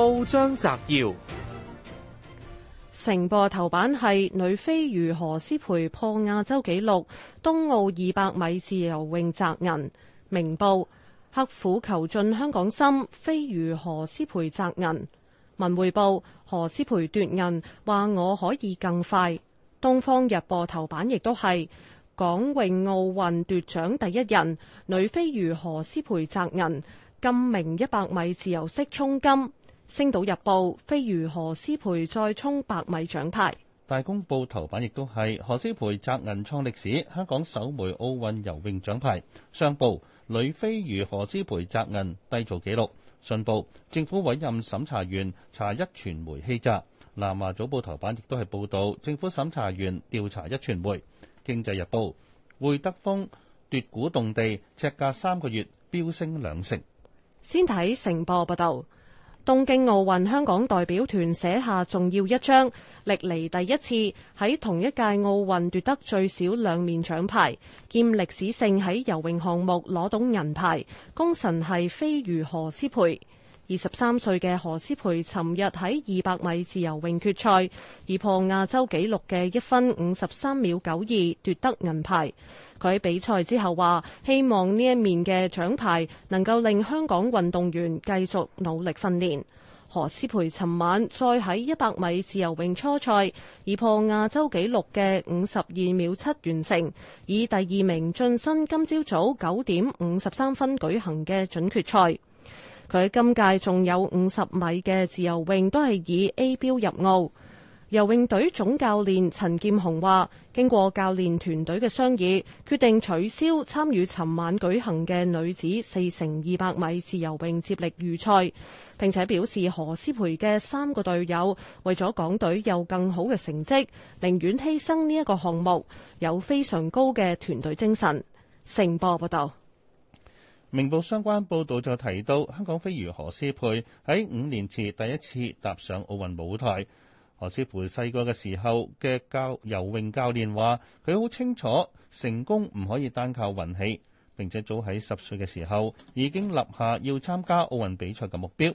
報章摘要：成報頭版係女飛魚何詩蓓破亞洲紀錄，東奧二百米自由泳摘銀。明報刻苦求進香港心，飛魚何詩蓓摘銀。文匯報何詩蓓奪銀，話我可以更快。東方日報頭版亦都係港泳奧運奪獎第一人女飛魚何詩蓓摘銀，金明一百米自由式衝金。《星島日報》：飛魚何詩蓓再衝百米獎牌。《大公報》頭版亦都係何詩蓓摘銀創歷史，香港首枚奧運游泳獎牌。商報女飛魚何詩蓓摘銀締造紀錄。信報政府委任審查員查一傳媒欺詐。《南華早報》頭版亦都係報道政府審查員調查一傳媒。《經濟日報》會德豐奪古洞地，尺價三個月飆升兩成。先睇成報報道。東京奧運香港代表團寫下重要一章，歷嚟第一次喺同一屆奧運奪得最少兩面獎牌，兼歷史性喺游泳項目攞到銀牌，功臣係飛魚何詩蓓。二十三歲嘅何詩蓓，尋日喺二百米自由泳決賽，以破亞洲紀錄嘅一分五十三秒九二奪得銀牌。佢喺比賽之後話：希望呢一面嘅獎牌能夠令香港運動員繼續努力訓練。何詩蓓尋晚再喺一百米自由泳初賽，以破亞洲紀錄嘅五十二秒七完成，以第二名晉身今朝早九點五十三分舉行嘅準決賽。佢喺今屆仲有五十米嘅自由泳都係以 A 標入奧。游泳隊總教練陳劍雄話，經過教練團隊嘅商議，決定取消參與尋晚舉行嘅女子四乘二百米自由泳接力預賽，並且表示何詩蓓嘅三個隊友為咗港隊有更好嘅成績，寧願犧牲呢一個項目，有非常高嘅團隊精神。成波報道。明報相關報導就提到，香港飛魚何詩蓓喺五年前第一次踏上奧運舞台。何詩蓓細個嘅時候嘅教游泳教練話，佢好清楚成功唔可以單靠運氣。並且早喺十歲嘅時候已經立下要參加奧運比賽嘅目標。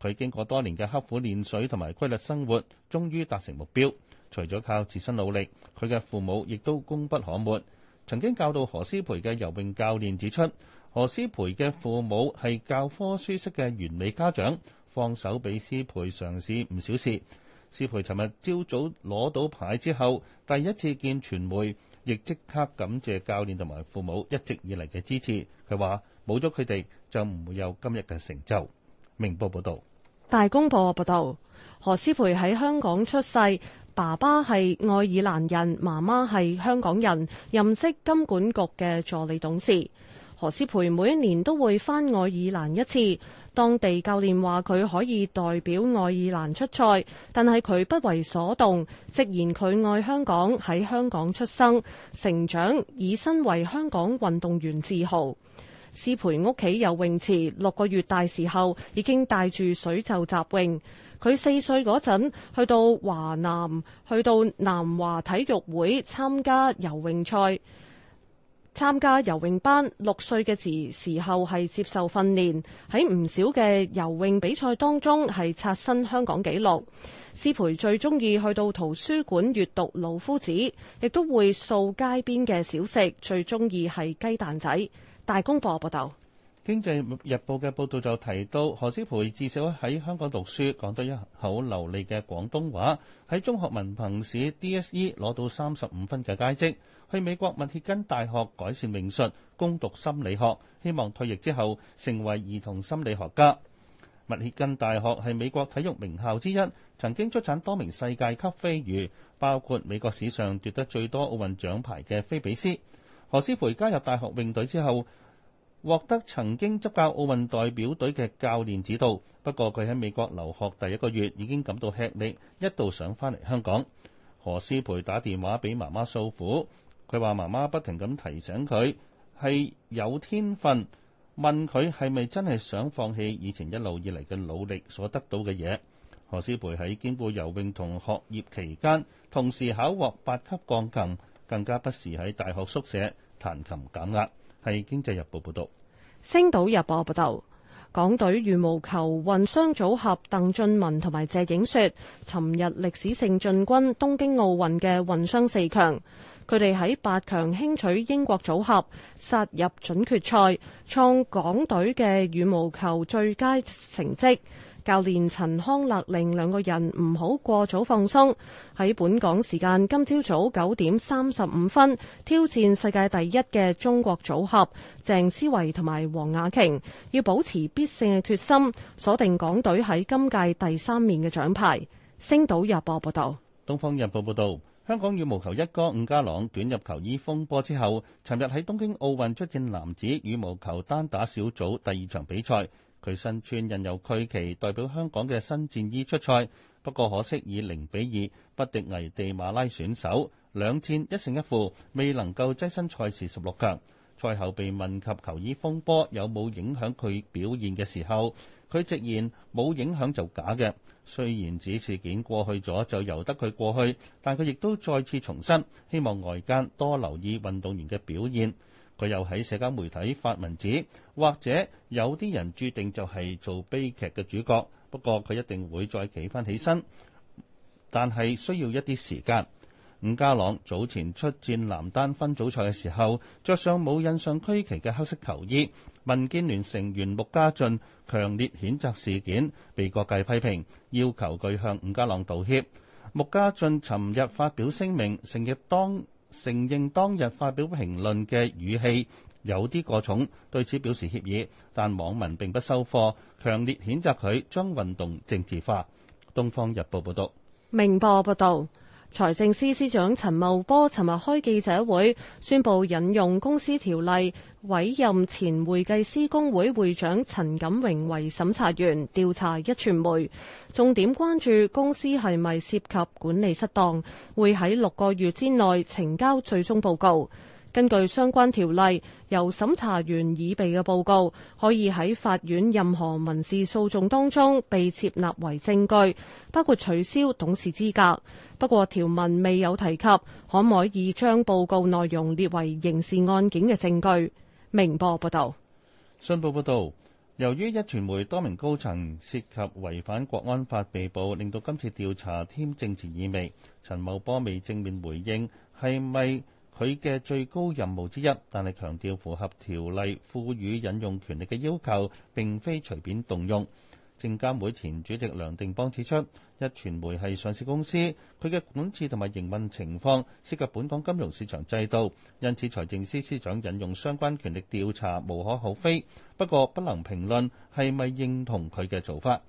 佢經過多年嘅刻苦練水同埋規律生活，終於達成目標。除咗靠自身努力，佢嘅父母亦都功不可沒。曾經教導何詩蓓嘅游泳教練指出：何思培嘅父母係教科書式嘅完美家長，放手俾思培嘗試唔少事。思培尋日朝早攞到牌之後，第一次見傳媒，亦即刻感謝教練同埋父母一直以嚟嘅支持。佢話冇咗佢哋就唔會有今日嘅成就。明報報道。大公報報道，何思培喺香港出世，爸爸係愛爾蘭人，媽媽係香港人，任職金管局嘅助理董事。何思培每一年都會返愛爾蘭一次，當地教練話佢可以代表愛爾蘭出賽，但係佢不為所動，直言佢愛香港，喺香港出生成長，以身為香港運動員自豪。思培屋企有游泳池，六個月大時候已經帶住水袖習泳。佢四歲嗰陣去到華南，去到南華體育會參加游泳賽。參加游泳班，六歲嘅時時候係接受訓練，喺唔少嘅游泳比賽當中係刷新香港紀錄。思培最鍾意去到圖書館閲讀《老夫子》，亦都會掃街邊嘅小食，最鍾意係雞蛋仔。大公報、啊、報道。經濟日報嘅報道就提到，何詩蓓至少喺香港讀書，講得一口流利嘅廣東話，喺中學文憑試 DSE 攞到三十五分嘅佳績，去美國密歇根大學改善泳術，攻讀心理學，希望退役之後成為兒童心理學家。密歇根大學係美國體育名校之一，曾經出產多名世界級飛魚，包括美國史上奪得最多奧運獎牌嘅菲比斯。何詩蓓加入大學泳隊之後，獲得曾經執教奧運代表隊嘅教練指導，不過佢喺美國留學第一個月已經感到吃力，一度想返嚟香港。何思培打電話俾媽媽訴苦，佢話媽媽不停咁提醒佢係有天分，問佢係咪真係想放棄以前一路以嚟嘅努力所得到嘅嘢。何思培喺兼顧游泳同學業期間，同時考獲八級鋼琴，更加不時喺大學宿舍彈琴減壓。係《是經濟日報》報道，《星島日報》報道，港隊羽毛球混雙組合鄧俊文同埋謝影雪，尋日歷史性進軍東京奧運嘅混雙四強。佢哋喺八強輕取英國組合，殺入準決賽，創港隊嘅羽毛球最佳成績。教練陳康勒令兩個人唔好過早放鬆。喺本港時間今朝早九點三十五分，挑戰世界第一嘅中國組合鄭思維同埋黃雅瓊，要保持必勝嘅決心，鎖定港隊喺今屆第三面嘅獎牌。星島日報報道，東方日報報道。香港羽毛球一哥伍家朗捲入球衣風波之後，尋日喺東京奧運出戰男子羽毛球單打小組第二場比賽，佢身穿印有區旗代表香港嘅新戰衣出賽。不過可惜以零比二不敵危地馬拉選手，兩戰一勝一負，未能夠躋身賽事十六強。賽後被問及球衣風波有冇影響佢表現嘅時候，佢直言冇影響就假嘅。雖然指事件過去咗就由得佢過去，但佢亦都再次重申，希望外間多留意運動員嘅表現。佢又喺社交媒體發文指，或者有啲人注定就係做悲劇嘅主角，不過佢一定會再企翻起身，但係需要一啲時間。伍家朗早前出戰男單分組賽嘅時候，着上冇印上區旗嘅黑色球衣。民建聯成員穆家俊強烈譴責事件，被各界批評，要求佢向伍家朗道歉。穆家俊尋日發表聲明，承認當承認當日發表評論嘅語氣有啲過重，對此表示歉意。但網民並不收貨，強烈譴責佢將運動政治化。《東方日報》報道，明報報道。財政司司長陳茂波尋日開記者會，宣佈引用公司條例委任前會計師工會會長陳錦榮為審查員，調查壹傳媒，重點關注公司係咪涉及管理失當，會喺六個月之內呈交最終報告。根據相關條例，由審查員擬備嘅報告可以喺法院任何民事訴訟當中被接納為證據，包括取消董事資格。不過條文未有提及可唔可以將報告內容列為刑事案件嘅證據。明報報道：「信報報道，由於壹傳媒多名高層涉及違反國安法被捕，令到今次調查添政治意味。陳茂波未正面回應係咪，是不是佢嘅最高任務之一，但係強調符合條例賦予引用權力嘅要求，並非隨便動用。證監會前主席梁定邦指出，壹傳媒係上市公司，佢嘅管治同埋營運情況涉及本港金融市場制度，因此財政司司長引用相關權力調查無可厚非，不過不能評論係咪認同佢嘅做法。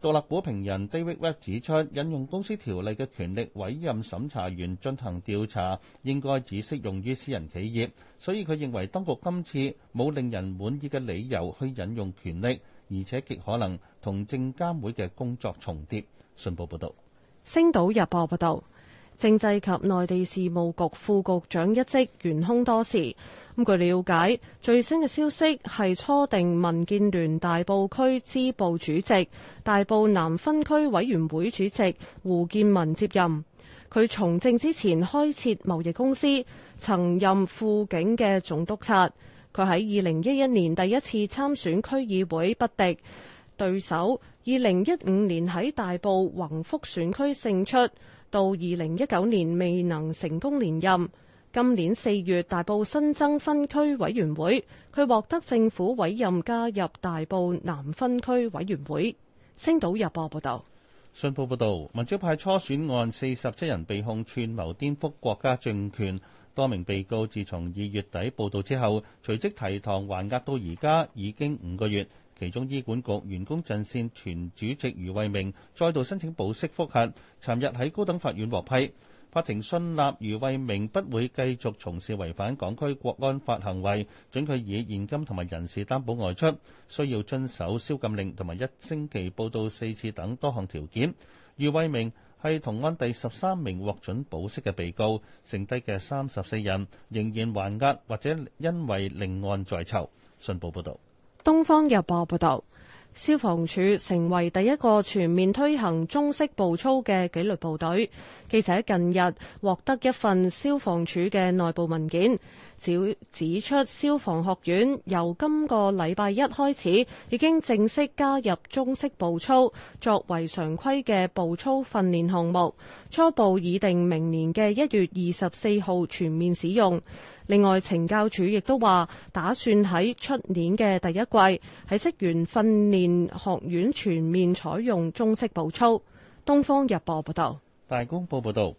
獨立股評人 David Webb 指出，引用公司條例嘅權力委任審查員進行調查，應該只適用於私人企業，所以佢認為當局今次冇令人滿意嘅理由去引用權力，而且極可能同證監會嘅工作重疊。信報報導，星島日報報道。政制及內地事務局副局長一職懸空多時，咁據了解，最新嘅消息係初定民建聯大埔區支部主席、大埔南分區委員會主席胡建文接任。佢從政之前開設貿易公司，曾任輔警嘅總督察。佢喺二零一一年第一次參選區議會不敵對手，二零一五年喺大埔宏福選區勝出。到二零一九年未能成功連任，今年四月大埔新增分區委員會，佢獲得政府委任加入大埔南分區委員會。星島日報報道。信報報道，民主派初選案四十七人被控串謀顛覆國家政權，多名被告自從二月底報到之後隨即提堂，還押到而家已經五個月。其中醫管局員工陣線團主席余慧明再度申請保釋覆核，尋日喺高等法院獲批。法庭信納余慧明不會繼續從事違反港區國安法行為，准佢以現金同埋人事擔保外出，需要遵守宵禁令同埋一星期報到四次等多項條件。余慧明係同案第十三名獲准保釋嘅被告，剩低嘅三十四人仍然還押或者因為另案在囚。信報報道。東方日報報道，消防處成為第一個全面推行中式步操嘅紀律部隊。記者近日獲得一份消防處嘅內部文件，指指出消防學院由今個禮拜一開始已經正式加入中式步操，作為常規嘅步操訓練項目。初步擬定明年嘅一月二十四號全面使用。另外，程教署亦都話，打算喺出年嘅第一季喺職員訓練學院全面採用中式步操。《東方日報》報道。大公報》報道，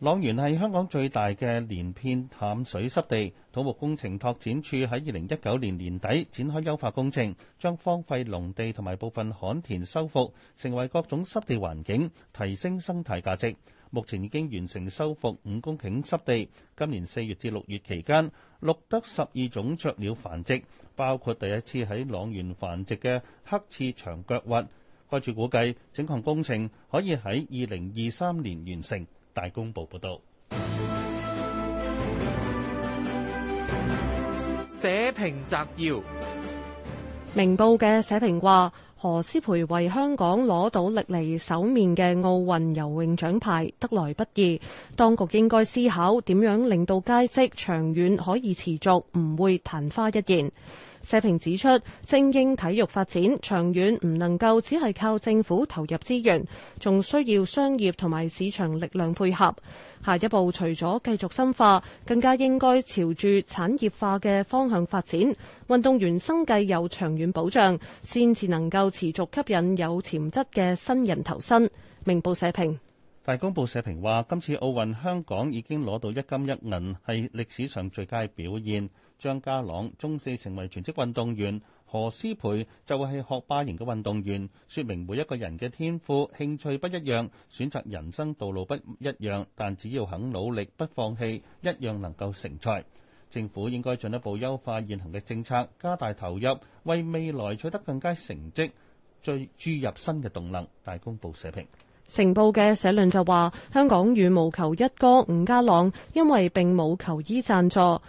朗園係香港最大嘅連片淡水濕地，土木工程拓展處喺二零一九年年底展開優化工程，將荒廢農地同埋部分旱田收復，成為各種濕地環境，提升生態價值。目前已經完成修復五公頃濕地，今年四月至六月期間錄得十二種雀鳥繁殖，包括第一次喺塱原繁殖嘅黑翅長腳鷸。據住估計，整項工程可以喺二零二三年完成。大公報報導。社評摘要，明報嘅社評話。何詩蓓為香港攞到歷嚟首面嘅奧運游泳獎牌，得來不易。當局應該思考點樣令到佳績長遠可以持續，唔會曇花一現。社評指出，精英體育發展長遠唔能夠只係靠政府投入資源，仲需要商業同埋市場力量配合。下一步除咗繼續深化，更加應該朝住產業化嘅方向發展，運動員生計有長遠保障，先至能夠持續吸引有潛質嘅新人投身。明報社評。大公報社評話，今次奧運香港已經攞到一金一銀，係歷史上最佳表現。張家朗中四成為全職運動員，何詩蓓就會係學霸型嘅運動員，說明每一個人嘅天賦興趣不一樣，選擇人生道路不一樣，但只要肯努力、不放棄，一樣能夠成才。政府應該進一步優化現行嘅政策，加大投入，為未來取得更佳成績，再注入新嘅動能。大公報社評。成報嘅社論就話，香港羽毛球一哥伍家朗因為並冇球衣贊助。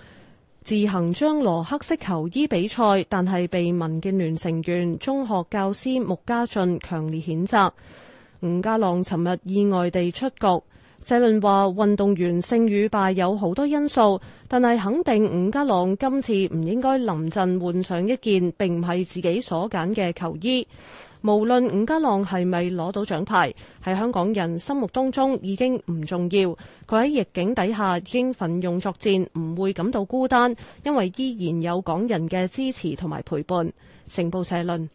自行將羅黑色球衣比賽，但係被民建聯成員、中學教師穆家駿強烈譴責。伍家朗尋日意外地出局，社論話運動員勝與敗有好多因素，但係肯定伍家朗今次唔應該臨陣換上一件並唔係自己所揀嘅球衣。無論伍家朗係咪攞到獎牌，喺香港人心目當中已經唔重要。佢喺逆境底下已經奮勇作戰，唔會感到孤單，因為依然有港人嘅支持同埋陪伴。成報社論，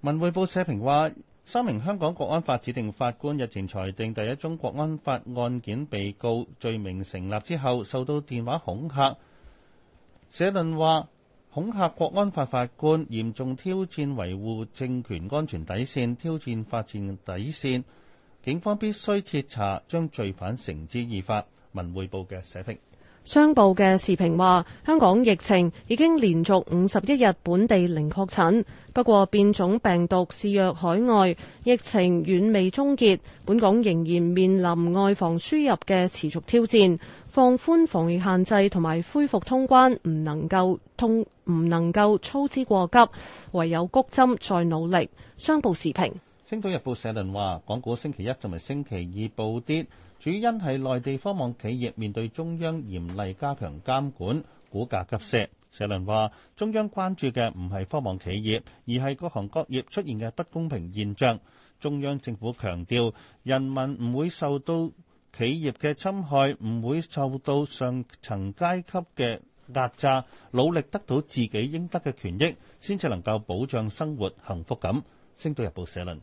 文匯報社評話：三名香港國安法指定法官日前裁定第一宗國安法案件被告罪名成立之後，受到電話恐嚇。社論話。恐嚇國安法法官，嚴重挑戰維護政權安全底線，挑戰法治底線。警方必須徹查，將罪犯繩之以法。文匯報嘅社評，商報嘅時評話：香港疫情已經連續五十一日本地零確診，不過變種病毒肆虐海外，疫情遠未終結。本港仍然面臨外防輸入嘅持續挑戰。放寬防，防疫限制同埋恢復通關，唔能夠通，唔能夠操之過急，唯有谷針再努力。商報時評，《星島日報》社論話：港股星期一同埋星期二暴跌，主因係內地科網企業面對中央嚴厲加強監管，股價急瀉。社論話：中央關注嘅唔係科網企業，而係各行各業出現嘅不公平現象。中央政府強調，人民唔會受到。企業嘅侵害，唔會受到上層階級嘅壓榨，努力得到自己應得嘅權益，先至能夠保障生活幸福感。星島日報社論。